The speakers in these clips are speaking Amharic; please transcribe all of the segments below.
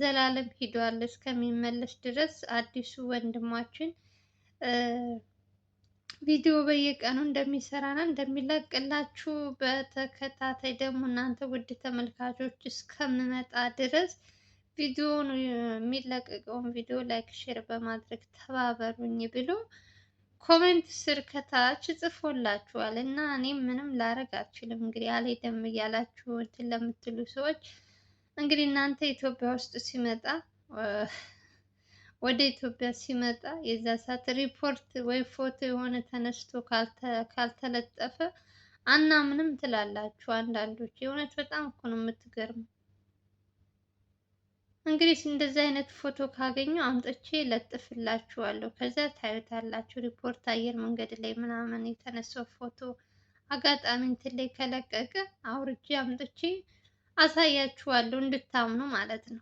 ዘላለም ሂዷል። እስከሚመለስ ድረስ አዲሱ ወንድማችን ቪዲዮ በየቀኑ እንደሚሰራና እንደሚለቅላችሁ በተከታታይ ደግሞ እናንተ ውድ ተመልካቾች እስከምመጣ ድረስ ቪዲዮውን የሚለቀቀውን ቪዲዮ ላይክ፣ ሼር በማድረግ ተባበሩኝ ብሎ ኮሜንት ስር ከታች ጽፎላችኋል እና እኔም ምንም ላረግ አልችልም። እንግዲህ አልሄድም እያላችሁ እንትን ለምትሉ ሰዎች እንግዲህ እናንተ ኢትዮጵያ ውስጥ ሲመጣ ወደ ኢትዮጵያ ሲመጣ የዛ ሰዓት ሪፖርት ወይ ፎቶ የሆነ ተነስቶ ካልተለጠፈ አናምንም ትላላችሁ አንዳንዶች። የእውነት በጣም እኮ ነው የምትገርመው። እንግዲህ እንደዚህ አይነት ፎቶ ካገኘው አምጥቼ ለጥፍላችኋለሁ። ከዛ ታዩታላችሁ። ሪፖርት አየር መንገድ ላይ ምናምን የተነሳው ፎቶ አጋጣሚ እንትን ላይ ከለቀቀ አውርጄ አምጥቼ አሳያችኋለሁ እንድታምኑ ማለት ነው።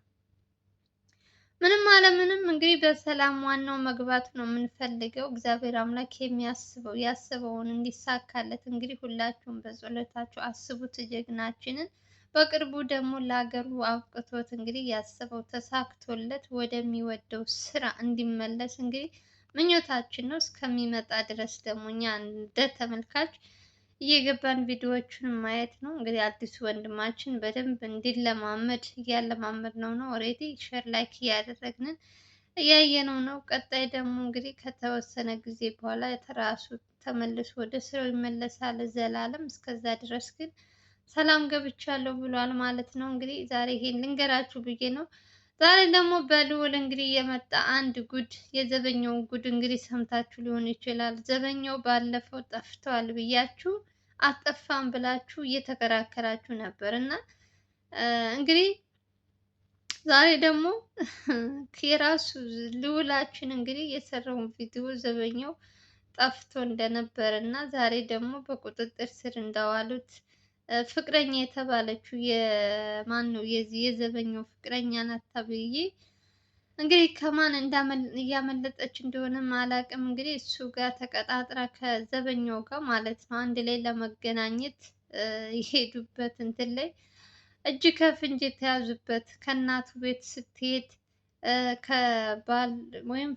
ምንም አለምንም እንግዲህ በሰላም ዋናው መግባት ነው የምንፈልገው። እግዚአብሔር አምላክ የሚያስበው ያስበውን እንዲሳካለት እንግዲህ ሁላችሁም በጸሎታችሁ አስቡት ጀግናችንን። በቅርቡ ደግሞ ለሀገሩ አብቅቶት እንግዲህ ያስበው ተሳክቶለት ወደሚወደው ስራ እንዲመለስ እንግዲህ ምኞታችን ነው። እስከሚመጣ ድረስ ደግሞ እኛ እንደ ተመልካች እየገባን ቪዲዮዎቹን ማየት ነው። እንግዲህ አዲሱ ወንድማችን በደንብ እንዲለማመድ እያለማመድ ነው ነው ኦልሬዲ ሸር ላይክ እያደረግንን እያየነው ነው። ቀጣይ ደግሞ እንግዲህ ከተወሰነ ጊዜ በኋላ ተራሱ ተመልሶ ወደ ስራው ይመለሳል ዘላለም። እስከዛ ድረስ ግን ሰላም ገብቻለሁ ብሏል ማለት ነው። እንግዲህ ዛሬ ይሄን ልንገራችሁ ብዬ ነው። ዛሬ ደግሞ በልዑል እንግዲህ የመጣ አንድ ጉድ የዘበኛውን ጉድ እንግዲህ ሰምታችሁ ሊሆን ይችላል። ዘበኛው ባለፈው ጠፍተዋል ብያችሁ አጠፋም ብላችሁ እየተከራከራችሁ ነበር እና እንግዲህ ዛሬ ደግሞ የራሱ ልውላችን እንግዲህ የሰራውን ቪዲዮ ዘበኛው ጠፍቶ እንደነበር እና ዛሬ ደግሞ በቁጥጥር ስር እንዳዋሉት ፍቅረኛ የተባለችው የማን ነው የዚህ የዘበኛው ፍቅረኛ ናት ተብዬ እንግዲህ ከማን እያመለጠች እንደሆነም አላውቅም። እንግዲህ እሱ ጋር ተቀጣጥራ ከዘበኛው ጋር ማለት ነው አንድ ላይ ለመገናኘት የሄዱበት እንትን ላይ እጅ ከፍንጅ የተያዙበት ከእናቱ ቤት ስትሄድ ከባል ወይም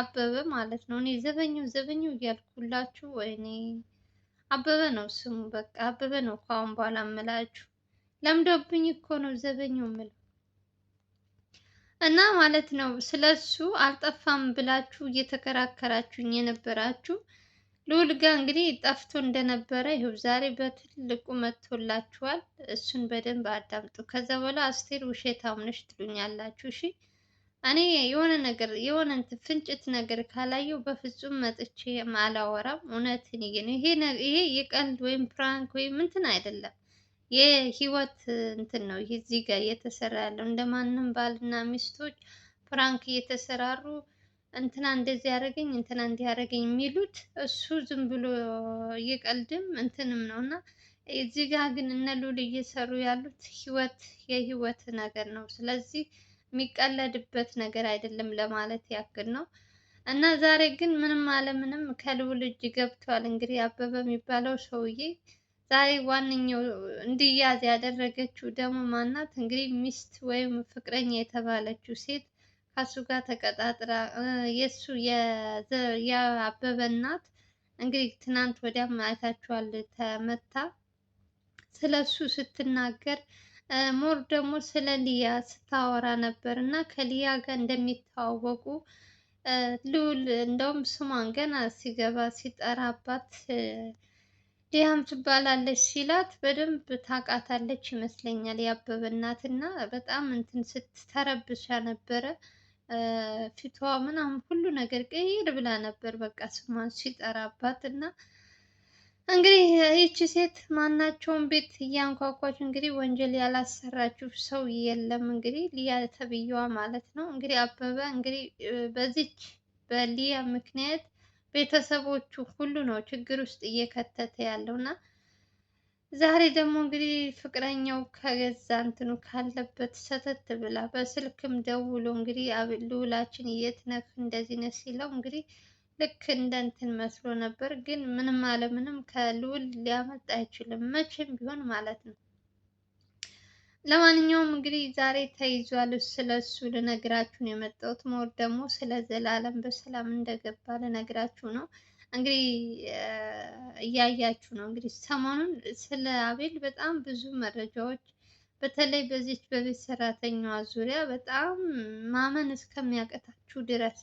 አበበ ማለት ነው። እኔ ዘበኛው ዘበኛው እያልኩላችሁ ወይኔ አበበ ነው ስሙ። በቃ አበበ ነው ከአሁን በኋላ ምላችሁ ለምደብኝ እኮ ነው ዘበኛው የምለው። እና ማለት ነው ስለሱ አልጠፋም ብላችሁ እየተከራከራችሁኝ የነበራችሁ ልዑል ጋ እንግዲህ ጠፍቶ እንደነበረ ይኸው ዛሬ በትልቁ መጥቶላችኋል። እሱን በደንብ አዳምጡ። ከዛ በኋላ አስቴር ውሸታም ነሽ ትሉኛላችሁ። እሺ እኔ የሆነ ነገር የሆነ እንትን ፍንጭት ነገር ካላየው በፍጹም መጥቼ አላወራም። እውነትን ይሄ ይሄ የቀልድ ወይም ፕራንክ ወይም እንትን አይደለም። የህይወት እንትን ነው። እዚህ ጋር እየተሰራ ያለው እንደማንም ባልና ሚስቶች ፕራንክ እየተሰራሩ እንትና እንደዚህ ያደረገኝ እንትና እንዲህ ያደረገኝ የሚሉት እሱ ዝም ብሎ እየቀልድም እንትንም ነው እና እዚህ ጋር ግን እነ ሉል እየሰሩ ያሉት ህይወት የህይወት ነገር ነው። ስለዚህ የሚቀለድበት ነገር አይደለም ለማለት ያክል ነው። እና ዛሬ ግን ምንም አለምንም ከልዑል እጅ ገብቷል። እንግዲህ አበበ የሚባለው ሰውዬ ዛሬ ዋነኛው እንዲያዝ ያደረገችው ደግሞ ማናት? እንግዲህ ሚስት ወይም ፍቅረኛ የተባለችው ሴት ከሱ ጋር ተቀጣጥራ የእሱ የአበበ እናት እንግዲህ ትናንት ወዲያም አይታችኋል ተመታ። ስለ እሱ ስትናገር ሞር ደግሞ ስለ ሊያ ስታወራ ነበር እና ከሊያ ጋር እንደሚተዋወቁ ልዑል እንደውም ስሟን ገና ሲገባ ሲጠራባት ዲያም ትባላለች ሲላት በደንብ ታውቃታለች ይመስለኛል። የአበበ እናት እና በጣም እንትን ስትተረብሻ ነበረ ፊቷ ምናምን ሁሉ ነገር ቀይር ብላ ነበር። በቃ ስሟን ሲጠራባት እና እንግዲህ ይቺ ሴት ማናቸውን ቤት እያንኳኳች እንግዲህ ወንጀል ያላሰራችሁ ሰው የለም። እንግዲህ ሊያ ተብዬዋ ማለት ነው። እንግዲህ አበበ እንግዲህ በዚች በሊያ ምክንያት ቤተሰቦቹ ሁሉ ነው ችግር ውስጥ እየከተተ ያለው እና ዛሬ ደግሞ እንግዲህ ፍቅረኛው ከገዛ እንትኑ ካለበት ሰተት ብላ በስልክም ደውሎ እንግዲህ ልውላችን የት ነህ እንደዚህ ነህ ሲለው እንግዲህ ልክ እንደ እንትን መስሎ ነበር። ግን ምንም አለምንም ከልውል ሊያመጣ አይችልም መቼም ቢሆን ማለት ነው። ለማንኛውም እንግዲህ ዛሬ ተይዟል። ስለሱ ልነግራችሁ ነው የመጣሁት። ሞር ደግሞ ስለ ዘላለም በሰላም እንደገባ ልነግራችሁ ነው። እንግዲህ እያያችሁ ነው። እንግዲህ ሰሞኑን ስለ አቤል በጣም ብዙ መረጃዎች በተለይ በዚች በቤት ሰራተኛዋ ዙሪያ በጣም ማመን እስከሚያቀታችሁ ድረስ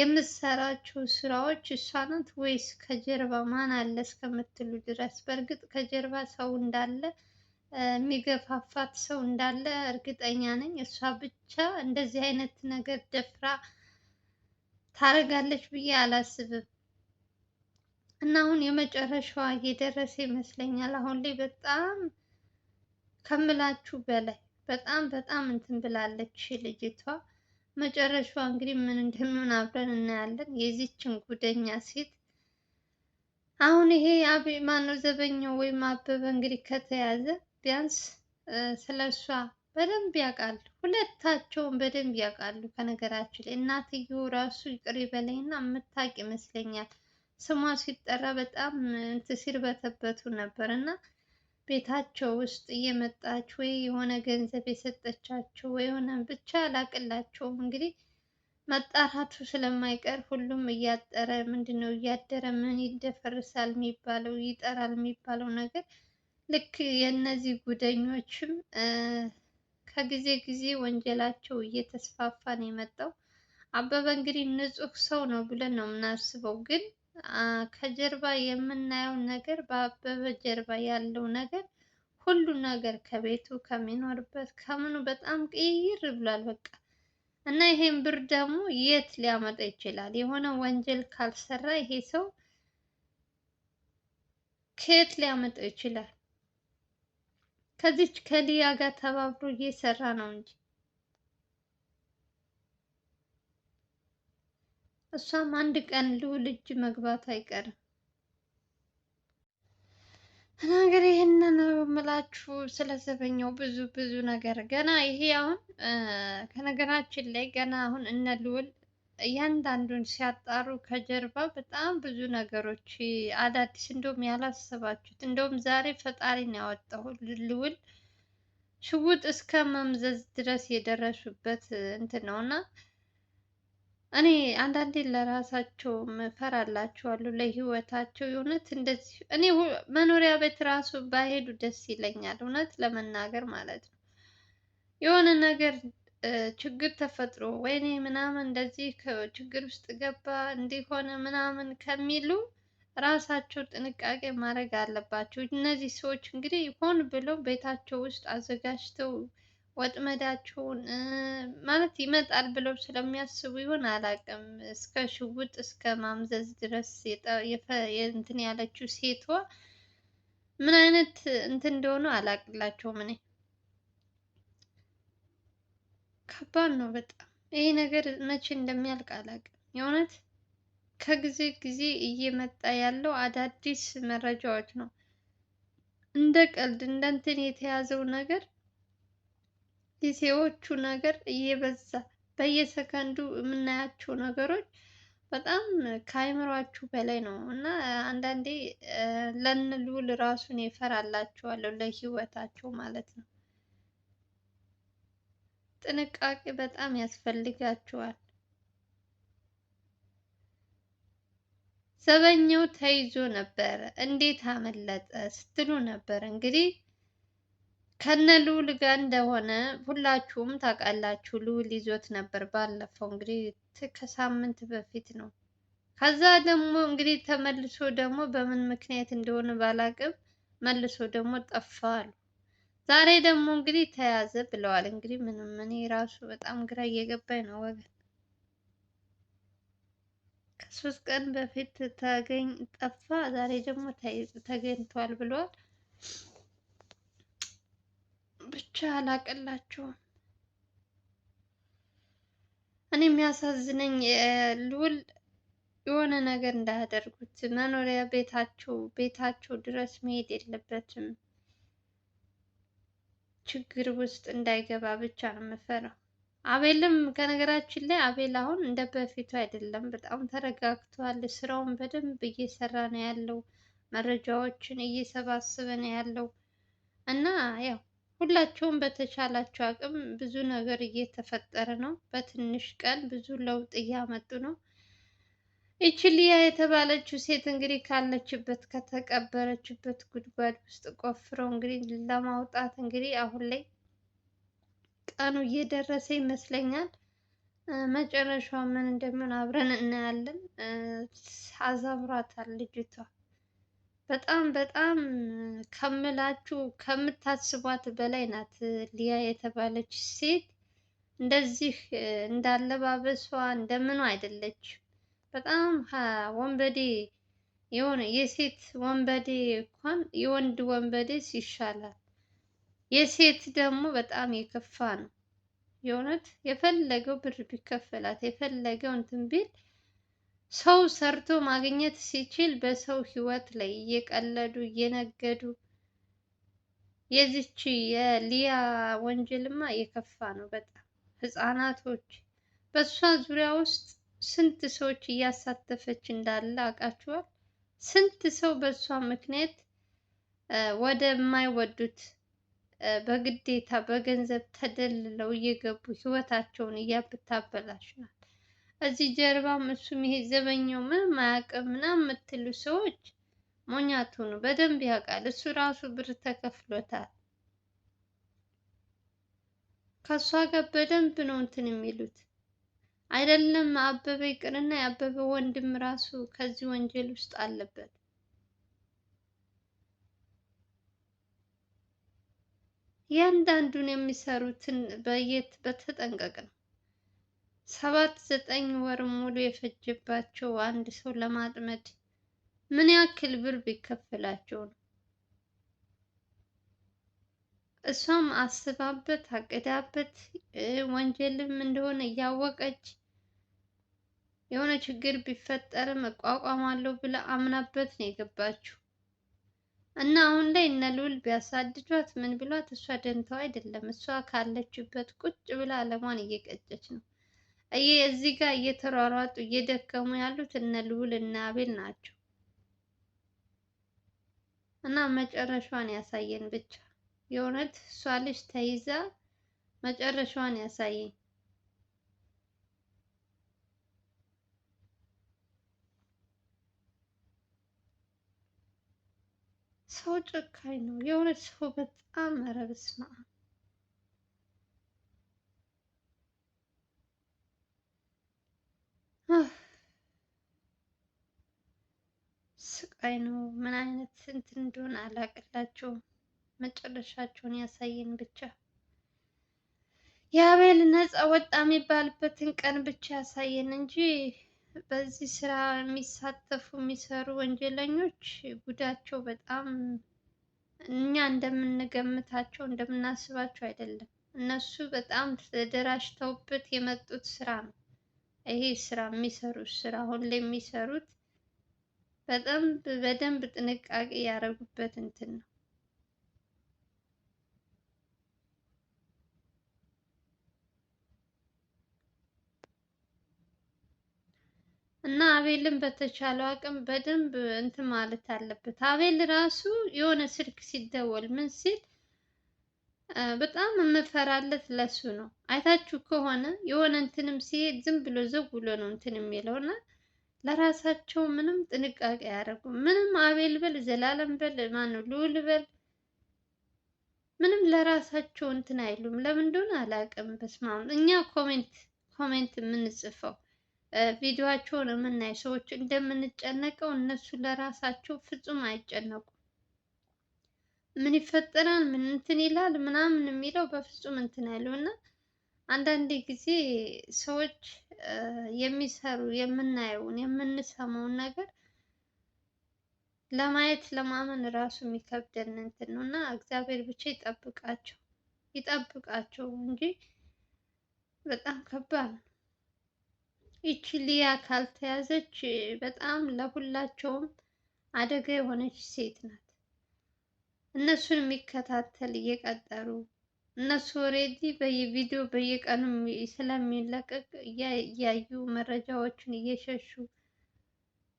የምትሰራቸው ስራዎች እሷ ናት ወይስ ከጀርባ ማን አለ እስከምትሉ ድረስ በእርግጥ ከጀርባ ሰው እንዳለ የሚገፋፋት ሰው እንዳለ እርግጠኛ ነኝ። እሷ ብቻ እንደዚህ አይነት ነገር ደፍራ ታደርጋለች ብዬ አላስብም። እና አሁን የመጨረሻዋ እየደረሰ ይመስለኛል። አሁን ላይ በጣም ከምላችሁ በላይ በጣም በጣም እንትን ብላለች ልጅቷ። መጨረሻዋ እንግዲህ ምን እንደሚሆን አብረን እናያለን። የዚችን ጉደኛ ሴት አሁን ይሄ አቤ ማነው ዘበኛው ወይም አበበ እንግዲህ ከተያዘ ቢያንስ ስለ እሷ በደንብ ያውቃሉ። ሁለታቸውን በደንብ ያውቃሉ። ከነገራችን ላይ እናትየው ራሱ ይቅር ይበለኝና የምታውቅ ይመስለኛል። ስሟ ሲጠራ በጣም እንትን ሲርበተበቱ ነበር እና ቤታቸው ውስጥ እየመጣች ወይ የሆነ ገንዘብ የሰጠቻቸው ወይ የሆነ ብቻ አላቅላቸውም። እንግዲህ መጣራቱ ስለማይቀር ሁሉም እያጠረ ምንድን ነው እያደረ ምን ይደፈርሳል የሚባለው ይጠራል የሚባለው ነገር ልክ የእነዚህ ጉደኞችም ከጊዜ ጊዜ ወንጀላቸው እየተስፋፋ ነው የመጣው። አበበ እንግዲህ ንጹህ ሰው ነው ብለን ነው የምናስበው፣ ግን ከጀርባ የምናየው ነገር በአበበ ጀርባ ያለው ነገር ሁሉ ነገር ከቤቱ ከሚኖርበት ከምኑ በጣም ቅይር ብሏል። በቃ እና ይሄን ብር ደግሞ የት ሊያመጣ ይችላል? የሆነ ወንጀል ካልሰራ ይሄ ሰው ከየት ሊያመጣ ይችላል? ከዚች ከሊያ ጋር ተባብሮ እየሰራ ነው እንጂ እሷም አንድ ቀን ልዑል እጅ መግባት አይቀርም። ነገር ይህን ነው የምላችሁ። ስለ ዘበኛው ብዙ ብዙ ነገር ገና ይሄ አሁን ከነገራችን ላይ ገና አሁን እነ እያንዳንዱን ሲያጣሩ ከጀርባ በጣም ብዙ ነገሮች አዳዲስ እንደውም ያላሰባችሁት እንደውም ዛሬ ፈጣሪን ያወጣው ልውል ሽጉጥ እስከ መምዘዝ ድረስ የደረሱበት እንትን ነው እና እኔ አንዳንዴ ለራሳቸው እፈራላቸዋለሁ፣ ለህይወታቸው የእውነት እንደዚህ እኔ መኖሪያ ቤት ራሱ ባይሄዱ ደስ ይለኛል፣ እውነት ለመናገር ማለት ነው የሆነ ነገር ችግር ተፈጥሮ ወይኔ ምናምን እንደዚህ ችግር ውስጥ ገባ እንዲሆነ ምናምን ከሚሉ ራሳቸው ጥንቃቄ ማድረግ አለባቸው። እነዚህ ሰዎች እንግዲህ ሆን ብለው ቤታቸው ውስጥ አዘጋጅተው ወጥመዳቸውን ማለት ይመጣል ብለው ስለሚያስቡ ይሆን አላውቅም። እስከ ሽውጥ እስከ ማምዘዝ ድረስ እንትን ያለችው ሴቷ ምን አይነት እንትን እንደሆነ አላውቅላቸውም እኔ። ከባድ ነው በጣም ይሄ ነገር መቼ እንደሚያልቅ አላውቅም። የእውነት ከጊዜ ጊዜ እየመጣ ያለው አዳዲስ መረጃዎች ነው። እንደ ቀልድ እንደ እንትን የተያዘው ነገር የሰዎቹ ነገር እየበዛ በየሰከንዱ የምናያቸው ነገሮች በጣም ከአይምሯችሁ በላይ ነው እና አንዳንዴ ለንሉል ራሱን እፈራላችኋለሁ ለህይወታቸው ማለት ነው። ጥንቃቄ በጣም ያስፈልጋቸዋል። ዘበኛው ተይዞ ነበረ፣ እንዴት አመለጠ ስትሉ ነበር። እንግዲህ ከነ ልዑል ጋር እንደሆነ ሁላችሁም ታውቃላችሁ። ልዑል ይዞት ነበር ባለፈው እንግዲህ ከሳምንት በፊት ነው። ከዛ ደግሞ እንግዲህ ተመልሶ ደግሞ በምን ምክንያት እንደሆነ ባላቅም መልሶ ደግሞ ጠፋ አሉ። ዛሬ ደግሞ እንግዲህ ተያዘ ብለዋል። እንግዲህ ምንም እኔ ራሱ በጣም ግራ እየገባኝ ነው ወገን። ከሶስት ቀን በፊት ተገኝ ጠፋ፣ ዛሬ ደግሞ ተገኝቷል ብለዋል። ብቻ አላቀላቸውም። እኔ የሚያሳዝነኝ ልውል የሆነ ነገር እንዳያደርጉት መኖሪያ ቤታቸው ቤታቸው ድረስ መሄድ የለበትም። ችግር ውስጥ እንዳይገባ ብቻ ነው የምፈራው። አቤልም ከነገራችን ላይ አቤል አሁን እንደ በፊቱ አይደለም፣ በጣም ተረጋግቷል። ስራውን በደንብ እየሰራ ነው ያለው፣ መረጃዎችን እየሰባሰበ ነው ያለው እና ያው ሁላቸውም በተቻላቸው አቅም ብዙ ነገር እየተፈጠረ ነው። በትንሽ ቀን ብዙ ለውጥ እያመጡ ነው። ይቺ ሊያ የተባለችው ሴት እንግዲህ ካለችበት ከተቀበረችበት ጉድጓድ ውስጥ ቆፍረው እንግዲህ ለማውጣት እንግዲህ አሁን ላይ ቀኑ እየደረሰ ይመስለኛል። መጨረሻው ምን እንደሚሆን አብረን እናያለን። አዛብሯታል ልጅቷ በጣም በጣም ከምላችሁ ከምታስቧት በላይ ናት። ሊያ የተባለች ሴት እንደዚህ እንዳለባበሷ እንደምኑ አይደለችም። በጣም ወንበዴ የሆነ የሴት ወንበዴ እንኳን የወንድ ወንበዴ ይሻላል። የሴት ደግሞ በጣም የከፋ ነው። የእውነት የፈለገው ብር ቢከፈላት የፈለገው እንትን ቢል ሰው ሰርቶ ማግኘት ሲችል በሰው ሕይወት ላይ እየቀለዱ እየነገዱ የዚች የሊያ ወንጀልማ የከፋ ነው በጣም ህፃናቶች በእሷ ዙሪያ ውስጥ ስንት ሰዎች እያሳተፈች እንዳለ አውቃችኋል? ስንት ሰው በእሷ ምክንያት ወደ ማይወዱት በግዴታ በገንዘብ ተደልለው እየገቡ ህይወታቸውን እያብታበላሽ ነው። እዚህ ጀርባም እሱም ይሄ ዘበኛው ምንም አያውቅም ምናምን የምትሉ ሰዎች ሞኛቱ ነው። በደንብ ያውቃል። እሱ ራሱ ብር ተከፍሎታል። ከእሷ ጋር በደንብ ነው እንትን የሚሉት አይደለም አበበ ይቅርና የአበበ ወንድም ራሱ ከዚህ ወንጀል ውስጥ አለበት። እያንዳንዱን የሚሰሩትን በየት በተጠንቀቅ ነው። ሰባት ዘጠኝ ወር ሙሉ የፈጀባቸው አንድ ሰው ለማጥመድ ምን ያክል ብር ቢከፍላቸው ነው? እሷም አስባበት አቅዳበት ወንጀልም እንደሆነ እያወቀች የሆነ ችግር ቢፈጠርም አለው ብላ አምናበት ነው የገባችው። እና አሁን ላይ እነ ልዑል ቢያሳድዷት ምን ብሏት እሷ ደንታው አይደለም። እሷ ካለችበት ቁጭ ብላ አለሟን እየቀጨች ነው። እዚህ ጋር እየተሯሯጡ እየደከሙ ያሉት እነ ልዑል እና አቤል ናቸው። እና መጨረሻዋን ያሳየን ብቻ የእውነት እሷ ልጅ ተይዛ መጨረሻዋን ያሳየን። ሰው ጨካኝ ነው። የእውነት ሰው በጣም ኧረ በስመ አብ ስቃይ ነው። ምን አይነት ስንት እንደሆነ አላቅላቸውም። መጨረሻቸውን ያሳየን ብቻ። የአቤል ነፃ ወጣ የሚባልበትን ቀን ብቻ ያሳየን እንጂ በዚህ ስራ የሚሳተፉ የሚሰሩ ወንጀለኞች ጉዳቸው በጣም እኛ እንደምንገምታቸው እንደምናስባቸው አይደለም። እነሱ በጣም ተደራጅተውበት የመጡት ስራ ነው። ይሄ ስራ የሚሰሩት ስራ አሁን ላይ የሚሰሩት በጣም በደንብ ጥንቃቄ ያደረጉበት እንትን ነው። እና አቤልን በተቻለው አቅም በደንብ እንትን ማለት አለበት። አቤል ራሱ የሆነ ስልክ ሲደወል ምን ሲል በጣም የምፈራለት ለሱ ነው። አይታችሁ ከሆነ የሆነ እንትንም ሲሄድ ዝም ብሎ ዘው ብሎ ነው እንትን የሚለው እና ለራሳቸው ምንም ጥንቃቄ አያደርጉም። ምንም አቤል በል ዘላለም በል ማነው ልውል በል ምንም ለራሳቸው እንትን አይሉም። ለምን እንደሆነ አላውቅም። በስመ አብ እኛ ኮሜንት ኮሜንት የምንጽፈው ቪዲዮቸውን የምናይ ሰዎች እንደምንጨነቀው እነሱ ለራሳቸው ፍጹም አይጨነቁም። ምን ይፈጠራል፣ ምን እንትን ይላል ምናምን የሚለው በፍጹም እንትን አይለው እና አንዳንድ ጊዜ ሰዎች የሚሰሩ የምናየውን የምንሰማውን ነገር ለማየት ለማመን ራሱ የሚከብደን እንትን ነው እና እግዚአብሔር ብቻ ይጠብቃቸው ይጠብቃቸው እንጂ በጣም ከባድ ነው። ይቺ ሊያ ካልተያዘች በጣም ለሁላቸውም አደጋ የሆነች ሴት ናት። እነሱን የሚከታተል እየቀጠሩ እነሱ ኦልሬዲ በየቪዲዮ በየቀኑ ስለሚለቀቅ እያዩ መረጃዎችን እየሸሹ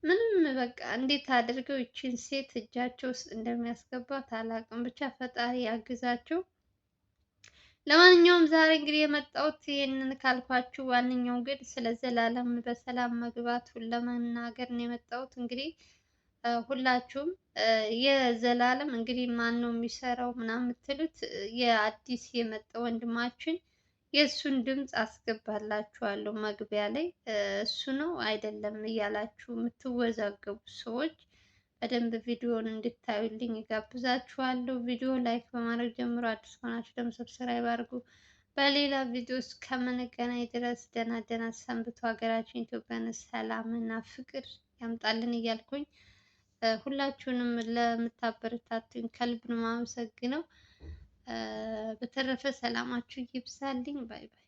ምንም በቃ እንዴት አድርገው ይችን ሴት እጃቸው ውስጥ እንደሚያስገባት አላውቅም። ብቻ ፈጣሪ ያግዛቸው። ለማንኛውም ዛሬ እንግዲህ የመጣሁት ይህንን ካልኳችሁ ዋነኛው ግን ስለ ዘላለም በሰላም መግባቱን ለመናገር ነው የመጣሁት። እንግዲህ ሁላችሁም የዘላለም እንግዲህ ማን ነው የሚሰራው ምናምን የምትሉት የአዲስ የመጣ ወንድማችን የእሱን ድምፅ አስገባላችኋለሁ መግቢያ ላይ እሱ ነው አይደለም እያላችሁ የምትወዛገቡ ሰዎች በደንብ ቪዲዮውን እንድታዩልኝ ጋብዛችኋለሁ። ቪዲዮ ላይክ በማድረግ ጀምሮ አዲስ ከሆናችሁ ደግሞ ሰብስክራይብ አድርጉ። በሌላ ቪዲዮ እስከምንገናኝ ድረስ ደህና ደህና ሰንብቱ። ሀገራችን ኢትዮጵያን ሰላም እና ፍቅር ያምጣልን እያልኩኝ ሁላችሁንም ለምታበረታቱኝ ከልብ ነው የማመሰግነው። በተረፈ ሰላማችሁ ይብዛልኝ። ባይ ባይ።